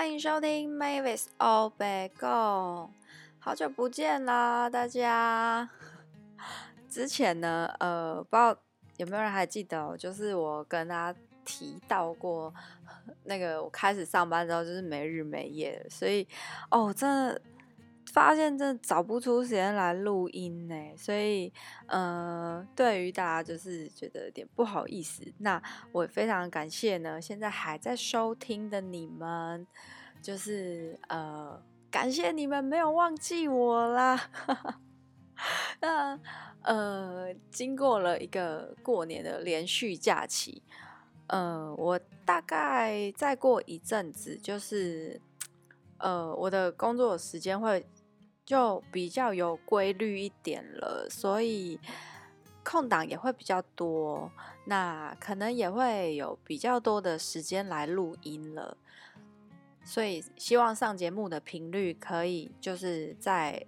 歡迎收聽《Mavis 歐北共》好久不見啦，大家！之前呢，呃，不知道有沒有人還記得，哦，就是我跟大家提到過，那個我開始上班之後就是沒日沒夜，所以哦，真的。發現真的找不出時間來錄音呢，所以呃，對於大家就是覺得有點不好意思。那我非常感謝呢，現在還在收聽的你們，就是呃，感謝你們沒有忘記我啦。那 呃，經過了一個過年的連續假期，呃，我大概再過一陣子，就是呃，我的工作時間會。就比較有規律一點了，所以空檔也會比較多，那可能也會有比較多的時間來錄音了。所以希望上節目的頻率可以就是再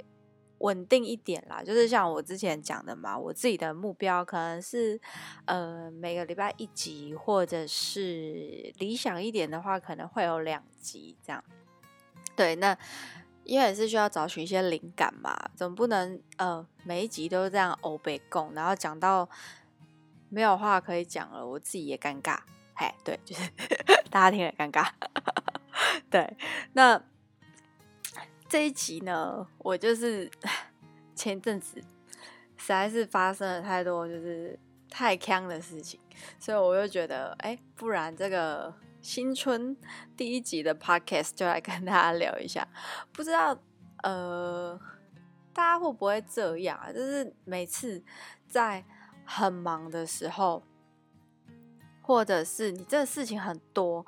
穩定一點啦。就是像我之前講的嘛，我自己的目標可能是呃每個禮拜一集，或者是理想一點的話，可能會有兩集這樣。對，那。因為也是需要找尋一些靈感嘛，總不能呃每一集都這樣歐北共，然後講到沒有話可以講了，我自己也尷尬，哎，對，就是呵呵大家聽也尷尬， 對。那這一集呢，我就是前陣子實在是發生了太多就是太鏘的事情，所以我又覺得，哎，不然這個。新春第一集的 podcast 就來跟大家聊一下，不知道呃大家會不會這樣？就是每次在很忙的時候，或者是你這個事情很多，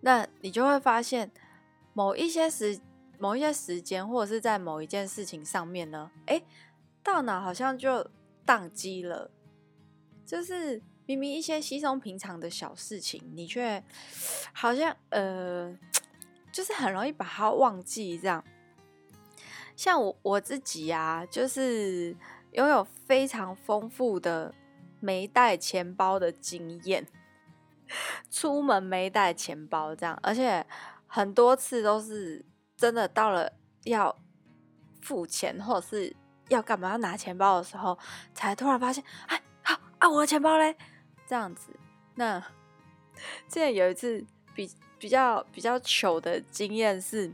那你就會發現某一些時、某一些時間，或者是在某一件事情上面呢，誒、欸，大腦好像就宕機了，就是。明明一些稀鬆平常的小事情，你卻好像呃，就是很容易把它忘記。這樣，像我我自己呀、啊，就是擁有非常豐富的沒帶錢包的經驗，出門沒帶錢包這樣，而且很多次都是真的到了要付錢或者是要幹嘛要拿錢包的時候，才突然發現，哎，好啊，我的錢包嘞！這樣子，那現在有一次比比較比較糗的經驗是，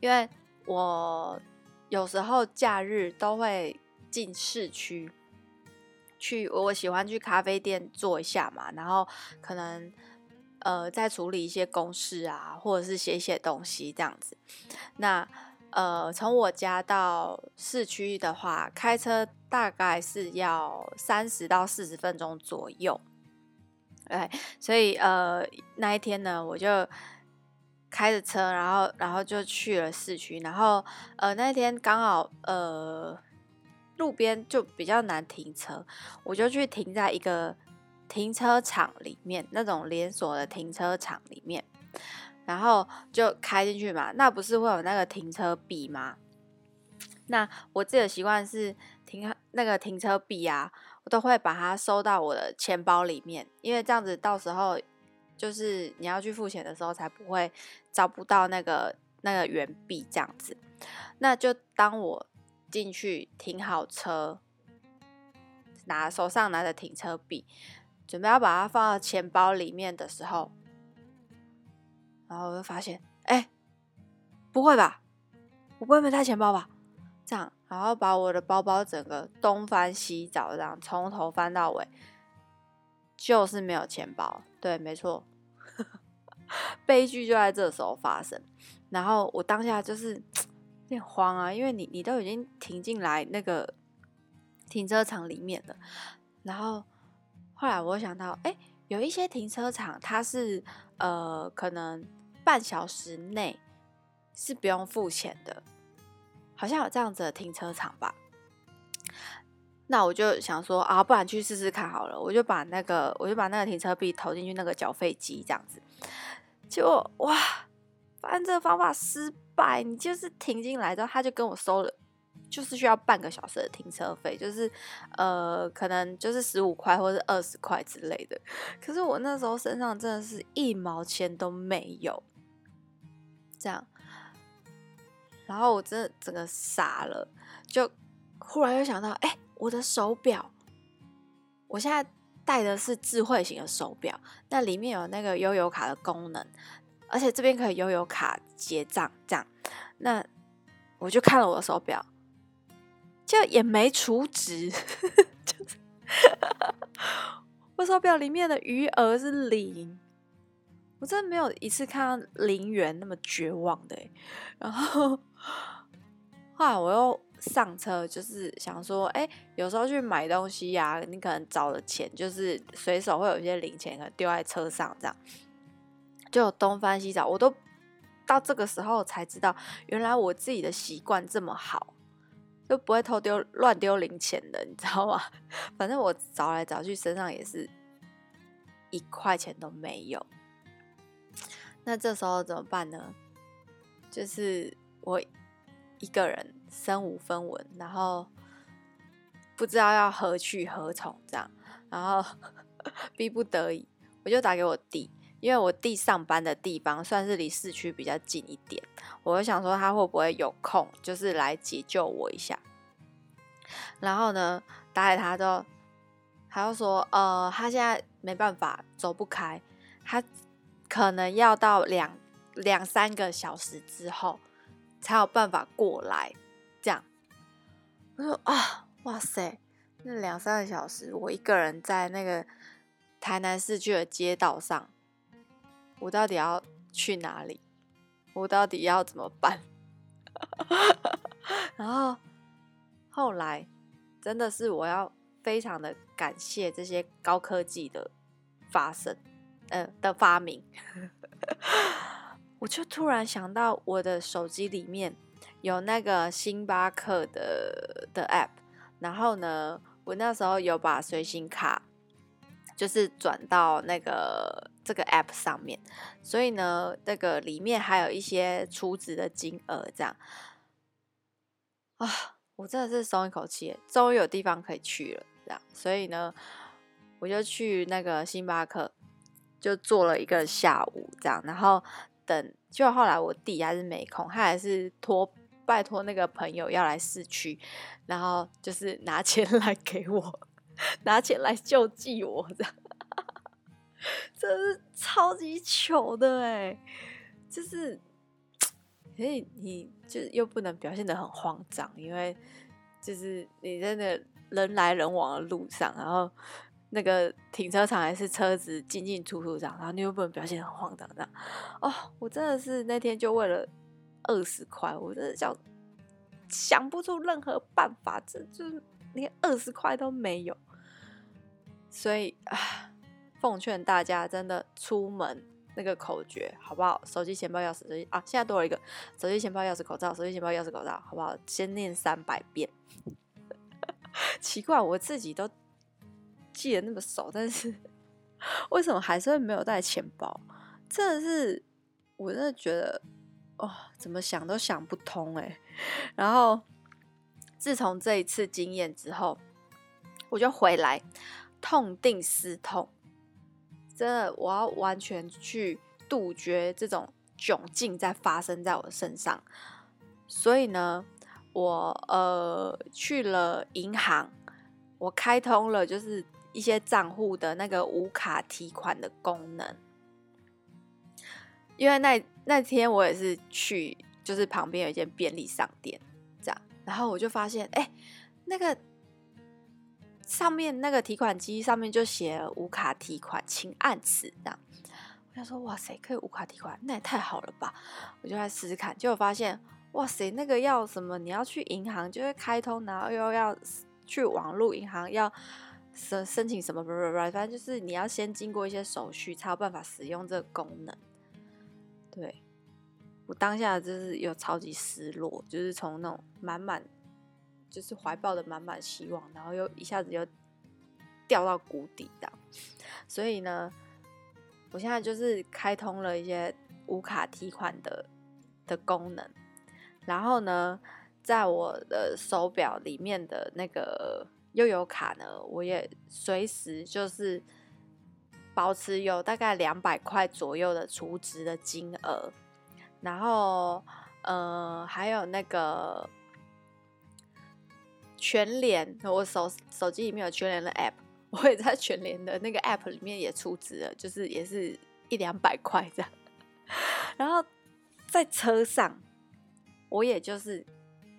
因為我有時候假日都會進市區去，我喜歡去咖啡店坐一下嘛，然後可能呃再處理一些公事啊，或者是寫一些東西這樣子，那。呃，從我家到市區的話，開車大概是要三十到四十分鐘左右。哎，所以呃，那一天呢，我就開着車，然後然後就去了市區。然後呃，那天剛好呃，路邊就比較難停車，我就去停在一個停車場裡面，那種連鎖的停車場裡面。然後就開進去嘛，那不是會有那個停車幣嗎？那我自己的習慣是停那個停車幣啊，我都會把它收到我的錢包裡面，因為這樣子，到時候就是你要去付錢的時候，才不會找不到那個那個圓幣這樣子。那就當我進去停好車，拿手上拿着停車幣，準備要把它放到錢包裡面的時候。然後我就發現，哎、欸，不會吧？我不會沒帶錢包吧？這樣，然後把我的包包整個東翻西找，這樣，從頭翻到尾，就是沒有錢包。對，沒錯， 悲劇就在這時候發生。然後我當下就是有點慌啊，因為你你都已經停進來那個停車場裡面了。然後後來我想到，哎、欸，有一些停車場它是呃，可能。半小時內是不用付錢的，好像有這樣子的停車場吧？那我就想說啊，不然去試試看好了。我就把那個，我就把那個停車幣投進去那個繳費機，這樣子。結果哇，反正這個方法失敗。你就是停進來之後，他就跟我收了，就是需要半個小時的停車費，就是呃，可能就是十五塊或者二十塊之類的。可是我那時候身上真的是一毛錢都沒有。這樣，然後我真的整個傻了，就忽然又想到，哎、欸，我的手錶，我現在戴的是智慧型的手錶，那裡面有那個悠遊卡的功能，而且這邊可以悠遊卡結賬，這樣，那我就看了我的手錶，就也沒儲值，呵呵就是、 我手錶裡面的餘額是零。我真的沒有一次看到零元那麼絕望的、欸，然後後來我又上車，就是想說，哎，有時候去買東西呀、啊，你可能找的錢就是隨手會有一些零錢，可能丟在車上這樣，就東翻西找，我都到這個時候才知道，原來我自己的習慣這麼好，就不會偷丟亂丟零錢的，你知道嗎？反正我找來找去，身上也是一塊錢都沒有。那這時候怎麼辦呢？就是我一個人身無分文，然後不知道要何去何從這樣，然後 逼不得已，我就打給我弟，因為我弟上班的地方算是離市區比較近一點，我就想說他會不會有空，就是來解救我一下。然後呢，打給他之後，他就說呃，他現在沒辦法，走不開，他。可能要到兩兩三個小時之後才有辦法過來，這樣。我說啊，哇塞，那兩三個小時，我一個人在那個台南市區的街道上，我到底要去哪裡？我到底要怎麼辦？ 然後後來，真的是我要非常的感謝這些高科技的發生。呃的發明， 我就突然想到我的手機裡面有那個星巴克的的 app，然後呢，我那時候有把隨行卡就是轉到那個這個 app 上面，所以呢，那個裡面還有一些儲值的金額這樣啊，我真的是鬆一口氣，終於有地方可以去了這樣，所以呢，我就去那個星巴克。就做了一個下午這樣，然後等，就後來我弟還是沒空，他還是托拜托那個朋友要來市區，然後就是拿錢來給我，拿錢來救濟我，這樣真 是超級糗的哎，就是，所以你就是、又不能表現得很慌張，因為就是你在那個人來人往的路上，然後，那個停車場還是車子進進出出這樣，然後你又不能表現很慌張這樣。哦，我真的是那天就為了二十塊，我真的想想不出任何辦法，這就連二十塊都沒有。所以啊，奉勸大家真的出門那個口訣好不好？手機、錢包、鑰匙、手機，啊，現在多了一個手機、錢包、鑰匙、口罩，手機、錢包、鑰匙、口罩，好不好？先念三百遍。 奇怪，我自己都。記得那麼少，但是為什麼還是會沒有帶錢包？真的是我真的覺得，哦，怎麼想都想不通哎、欸。然後自從這一次經驗之後，我就回來痛定思痛，真的我要完全去杜絕這種窘境，再發生在我的身上。所以呢，我呃去了銀行，我開通了就是。一些賬戶的那個無卡提款的功能，因為那那天我也是去，就是旁邊有一間便利商店，這樣，然後我就發現，哎，那個上面那個提款機上面就寫了無卡提款，請按此。這樣，我想說，哇塞，可以無卡提款，那也太好了吧！我就來試試看，結果發現，哇塞，那個要什麼？你要去銀行就是開通，然後又要去網絡銀行要。申申請什麼不不不，反正就是你要先經過一些手續，才有辦法使用這個功能。對，我當下就是有超級失落，就是從那種滿滿就是懷抱的滿滿希望，然後又一下子又掉到谷底的。所以呢，我現在就是開通了一些無卡提款的的功能，然後呢，在我的手表裡面的那個，又有卡呢，我也隨時就是保持有大概兩百塊左右的儲值的金額，然後呃還有那個全聯，我手手機裡面有全聯的 app，我也在全聯的那個 app 裡面也儲值了，就是也是一兩百塊這樣，然後在車上我也就是。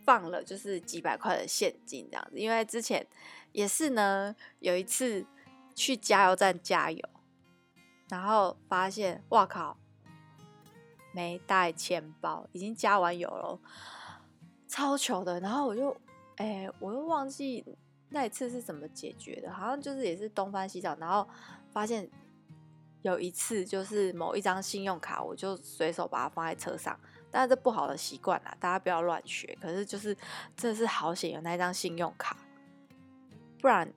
放了就是幾百塊的現金這樣子，因為之前也是呢，有一次去加油站加油，然後發現哇靠，沒帶錢包，已經加完油了，超糗的。然後我就哎、欸，我又忘記那一次是怎麼解決的，好像就是也是東翻西找，然後發現有一次就是某一張信用卡，我就隨手把它放在車上。但這不好的習慣啦，大家不要亂學。可是就是，真的是好險有那一張信用卡，不然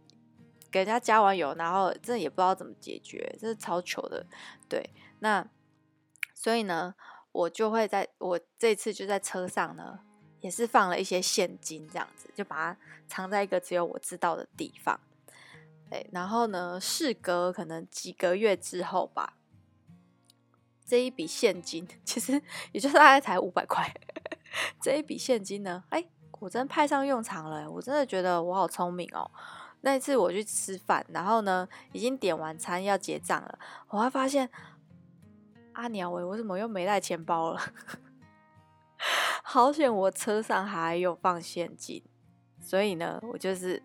給人家加完油，然後這也不知道怎麼解決，這是超糗的。對，那所以呢，我就會在我這次就在車上呢，也是放了一些現金這樣子，就把它藏在一個只有我知道的地方。對，然後呢，事隔可能幾個月之後吧。這一筆現金其實也就是大概才五百塊，這一筆現金呢，哎、欸，果真派上用場了、欸。我真的覺得我好聰明哦、喔。那一次我去吃飯，然後呢，已經點完餐要結賬了，我還發現阿娘喂，我怎麼又沒帶錢包了？好險我車上還有放現金，所以呢，我就是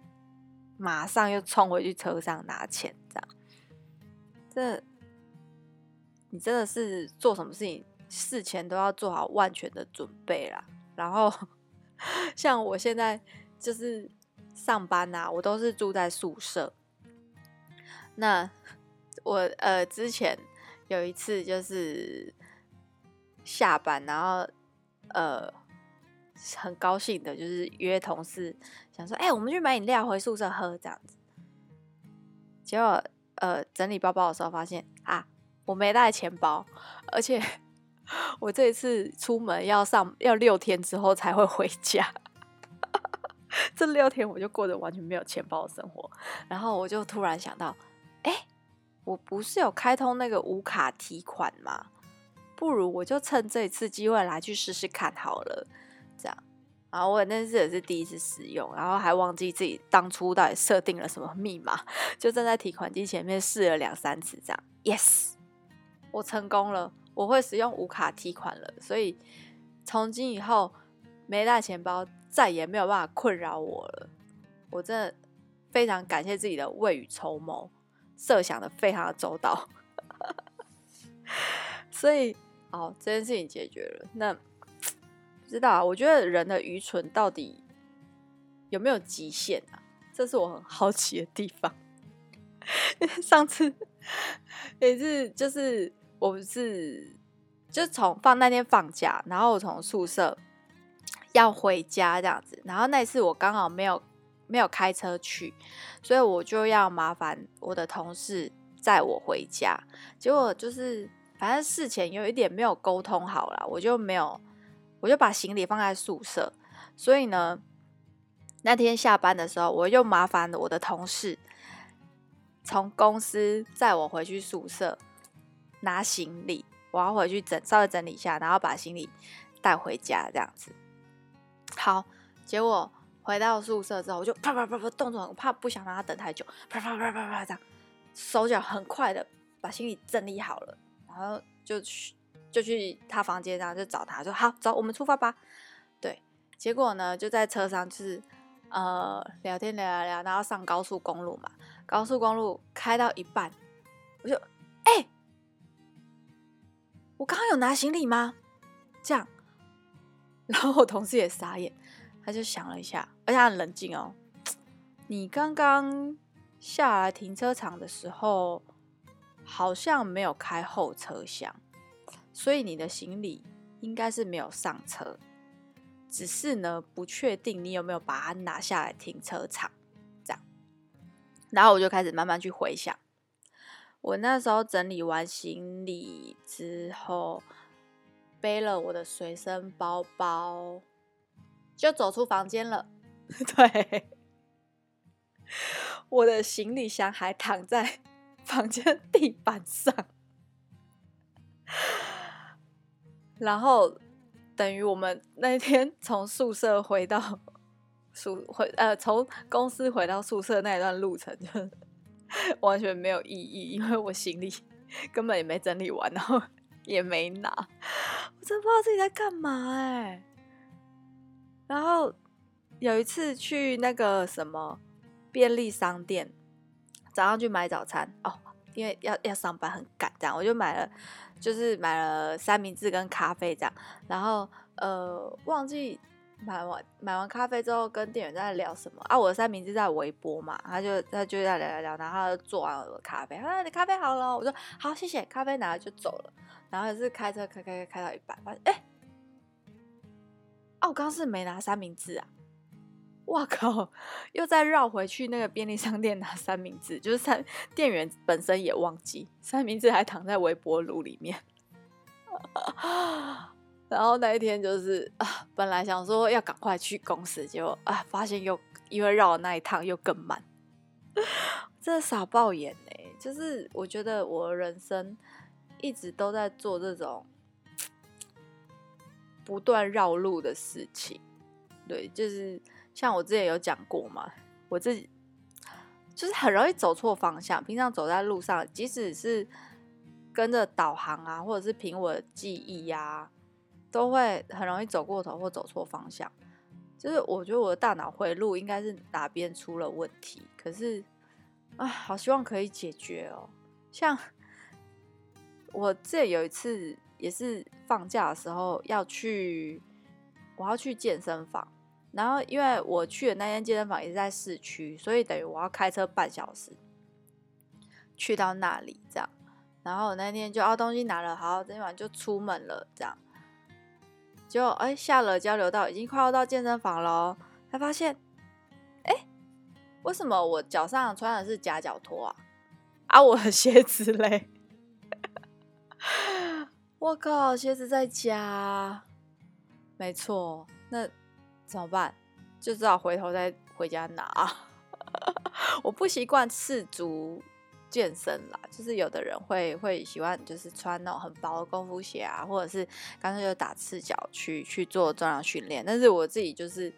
馬上又衝回去車上拿錢這，這樣這。你真的是做什麼事情事前都要做好萬全的準備啦。然後像我現在就是上班啊，我都是住在宿舍。那我呃之前有一次就是下班，然後呃很高興的就是約同事，想說哎、欸，我們去買飲料回宿舍喝這樣子。結果呃整理包包的時候發現。我沒帶錢包，而且我這一次出門要上要六天之後才會回家， 這六天我就過着完全沒有錢包的生活。然後我就突然想到，哎、欸，我不是有開通那個無卡提款嗎？不如我就趁這一次機會來去試試看好了。這樣，然後我那次也是第一次使用，然後還忘記自己當初到底設定了什麼密碼，就站在提款機前面試了兩三次，這樣，yes。我成功了，我會使用無卡提款了，所以從今以後沒帶錢包再也沒有辦法困擾我了。我真的非常感謝自己的未雨綢繆，設想的非常的周到。 所以，好，這件事情解決了。那不知道啊，我覺得人的愚蠢到底有沒有極限啊？這是我很好奇的地方。 上次也是，就是。我不是就從放那天放假，然後我從宿舍要回家這樣子，然後那次我剛好沒有沒有開車去，所以我就要麻煩我的同事載我回家。結果就是反正事前有一點沒有溝通好啦，我就沒有我就把行李放在宿舍，所以呢，那天下班的時候我又麻煩我的同事從公司載我回去宿舍。拿行李，我要回去整，稍微整理一下，然後把行李帶回家，這樣子。好，結果回到宿舍之後，我就啪啪啪啪，動作，我怕不想讓他等太久，啪啪啪啪啪，這樣，手腳很快的把行李整理好了，然後就去就去他房間，然後就找他說：“好，走，我們出發吧。”對，結果呢，就在車上就是呃聊天聊聊聊，然後上高速公路嘛，高速公路開到一半，我就哎。欸我剛剛有拿行李嗎？這樣，然後我同事也傻眼，他就想了一下，而且他很冷靜哦。你剛剛下來停車場的時候，好像沒有開後車廂，所以你的行李應該是沒有上車。只是呢，不確定你有沒有把它拿下來停車場，這樣。然後我就開始慢慢去回想。我那時候整理完行李之後，背了我的隨身包包，就走出房間了。對，我的行李箱還躺在房間地板上。然後，等於我們那天從宿舍回到宿回呃，從公司回到宿舍那段路程就完全沒有意義，因為我行李根本也沒整理完，然後也沒拿，我真不知道自己在幹嘛哎、欸。然後有一次去那個什麼便利商店，早上去買早餐哦，因為要要上班很趕這樣，我就買了就是買了三明治跟咖啡這樣，然後呃忘記。買完買完咖啡之後，跟店員在聊什麼啊？我的三明治在微波嘛，他就他就在聊聊聊，然後他就做完我的咖啡，他、啊、說：“你咖啡好了。”我說：“好，謝謝。”咖啡拿了就走了，然後也是開車開開開開到一半，發現哎，哦、啊，我剛剛是沒拿三明治啊！哇，靠，又再繞回去那個便利商店拿三明治，就是三店員本身也忘記三明治還躺在微波爐裡面。 然後那一天就是啊，本來想說要趕快去公司，結果啊，發現又因為繞了那一趟又更慢。 真的傻爆眼呢，就是我覺得我人生一直都在做這種不斷繞路的事情。對，就是像我之前有講過嘛，我自己就是很容易走錯方向。平常走在路上，即使是跟着導航啊，或者是憑我的記憶呀、啊。都會很容易走過頭或走錯方向，就是我覺得我的大腦回路應該是哪邊出了問題，可是啊，好希望可以解決哦。像我這有一次也是放假的時候要去，我要去健身房，然後因為我去的那間健身房也是在市區，所以等於我要開車半小時去到那裡這樣。然後我那天就把、哦、東西拿了，好，今天晚上就出門了這樣。就、哎、下了交流道，已經快要到健身房了、哦，才發現，哎，為什麼我腳上穿的是夾腳拖啊？啊，我的鞋子嘞！我靠，鞋子在家，沒錯，那怎麼辦？就只好回頭再回家拿。我不習慣赤足。健身啦，就是有的人會會喜歡，就是穿那種很薄的功夫鞋啊，或者是乾脆就打赤腳去去做重量訓練。但是我自己就是，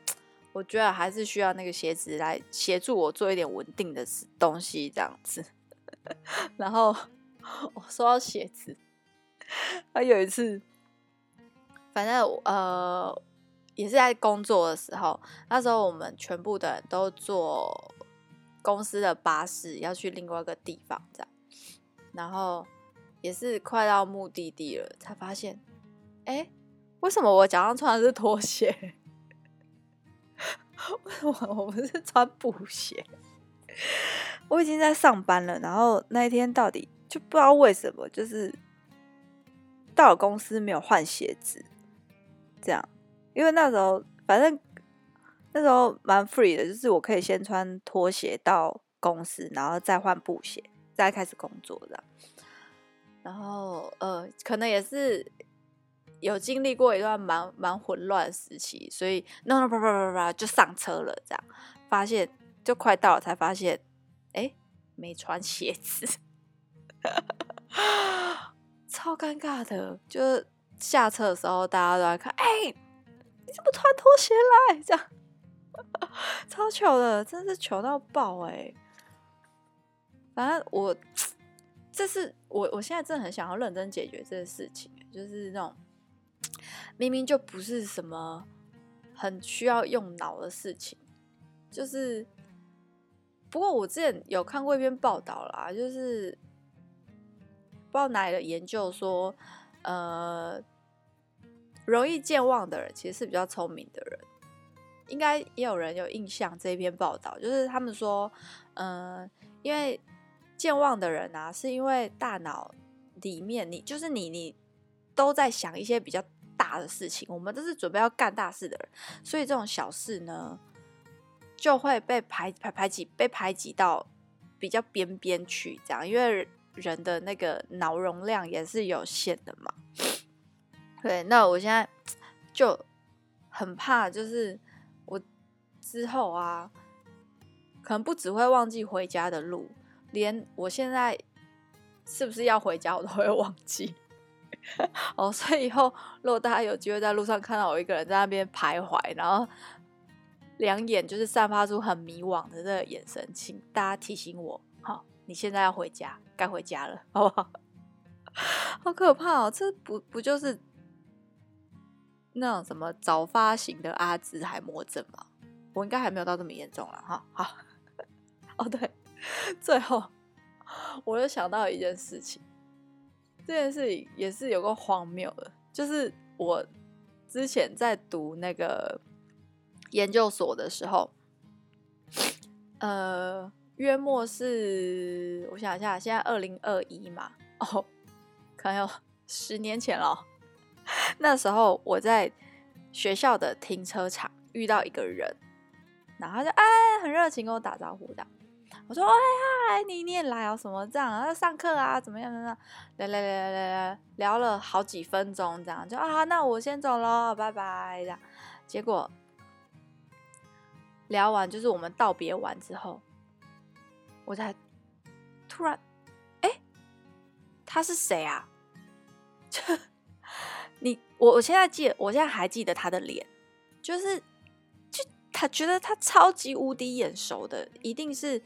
我覺得還是需要那個鞋子來協助我做一點穩定的東西這樣子。然後我說到鞋子，還、啊、有一次，反正呃也是在工作的時候，那時候我們全部的人都做。公司的巴士要去另外一個地方，這樣，然後也是快到目的地了，才發現，哎、欸，為什麼我腳上穿的是拖鞋？為什麼我不是穿布鞋？我已經在上班了，然後那一天到底就不知道為什麼，就是到了公司沒有換鞋子，這樣，因為那時候反正。那時候蠻 free 的，就是我可以先穿拖鞋到公司，然後再換布鞋，再開始工作這樣。然後呃，可能也是有經歷過一段蠻蠻混亂時期，所以 no no 啪啪啪啪就上車了這樣。發現就快到了，才發現哎、欸、沒穿鞋子， 超尷尬的。就是下車的時候，大家都在看，哎、欸、你怎麼穿拖鞋來這樣？超糗的，真是糗到爆哎、欸！反正我，這是我我現在真的很想要認真解決這件事情，就是那種明明就不是什麼很需要用腦的事情，就是不過我之前有看過一篇報道啦，就是不知道哪裡的研究說，呃，容易健忘的人其實是比較聰明的人。應該也有人有印象這一篇報道，就是他們說，嗯、呃，因為健忘的人啊，是因為大腦裡面你就是你你都在想一些比較大的事情，我們都是準備要幹大事的人，所以這種小事呢，就會被排排排擠，被排擠到比較邊邊去，這樣，因為人的那個腦容量也是有限的嘛。對，那我現在就很怕，就是。之後啊，可能不只會忘記回家的路，連我現在是不是要回家，我都會忘記。哦， 所以以後如果大家有機會在路上看到我一個人在那邊徘徊，然後兩眼就是散發出很迷惘的這個眼神，請大家提醒我，好，你現在要回家，該回家了，好不好？好可怕哦，這不不就是那種什麼早發型的阿茲海默症嗎？我應該還沒有到這麼嚴重了哈，好，哦對，最後我又想到一件事情，這件事情也是有夠荒謬的，就是我之前在讀那個研究所的時候，呃，約莫是，我想一下，現在二零二一嘛，哦，可能有十年前了，那時候我在學校的停車場遇到一個人。然後就哎，很熱情跟我打招呼的。我說、哦、哎呀，你你也來哦，什麼這樣啊？上課啊？怎麼樣的呢？聊聊聊聊聊聊，聊了好幾分鐘，這樣就啊，那我先走嘍，拜拜。這樣結果聊完就是我們道別完之後，我才突然哎，他是誰啊？ 就你我我現在記得，我現在還記得他的臉，就是。他覺得他超級無敵眼熟的，一定是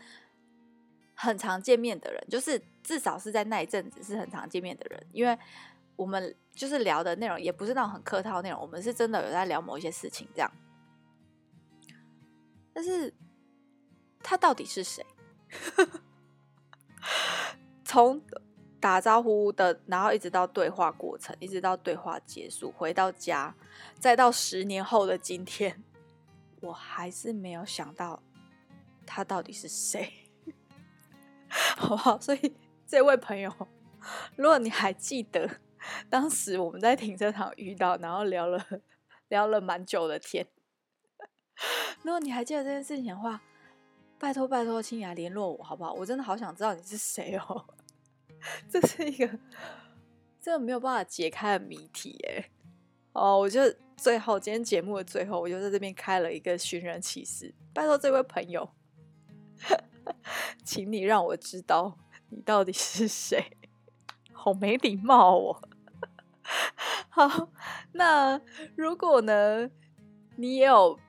很常見面的人，就是至少是在那一陣子是很常見面的人。因為我們就是聊的內容也不是那種很客套的內容，我們是真的有在聊某一些事情這樣。但是他到底是誰？ 從打招呼的，然後一直到對話過程，一直到對話結束，回到家，再到十年後的今天。我還是沒有想到他到底是誰，好不好？所以這位朋友，如果你還記得當時我們在停車場遇到，然後聊了聊了蠻久的天，如果你還記得這件事情的話，拜託拜託，請你來聯絡我好不好？我真的好想知道你是誰哦，這是一個真的沒有辦法解開的謎題哦、欸，我就。最後，今天節目的最後，我就在這邊開了一個尋人啟事。拜托這位朋友，呵呵，請你讓我知道你到底是誰，好沒禮貌哦。好，那如果呢，你也有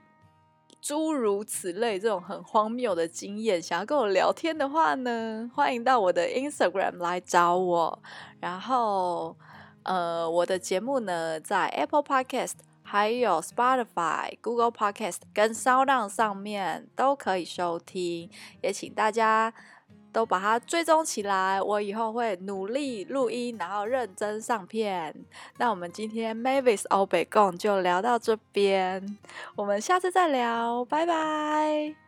諸如此類這種很荒謬的經驗，想要跟我聊天的話呢，歡迎到我的 Instagram 來找我。然後，呃，我的節目呢，在 Apple Podcast。還有 Spotify、Google Podcast 跟 Sound On 上面都可以收聽，也請大家都把它追蹤起來。我以後會努力錄音，然後認真上片。那我們今天《Mavis 歐北共》就聊到這邊，我們下次再聊，拜拜。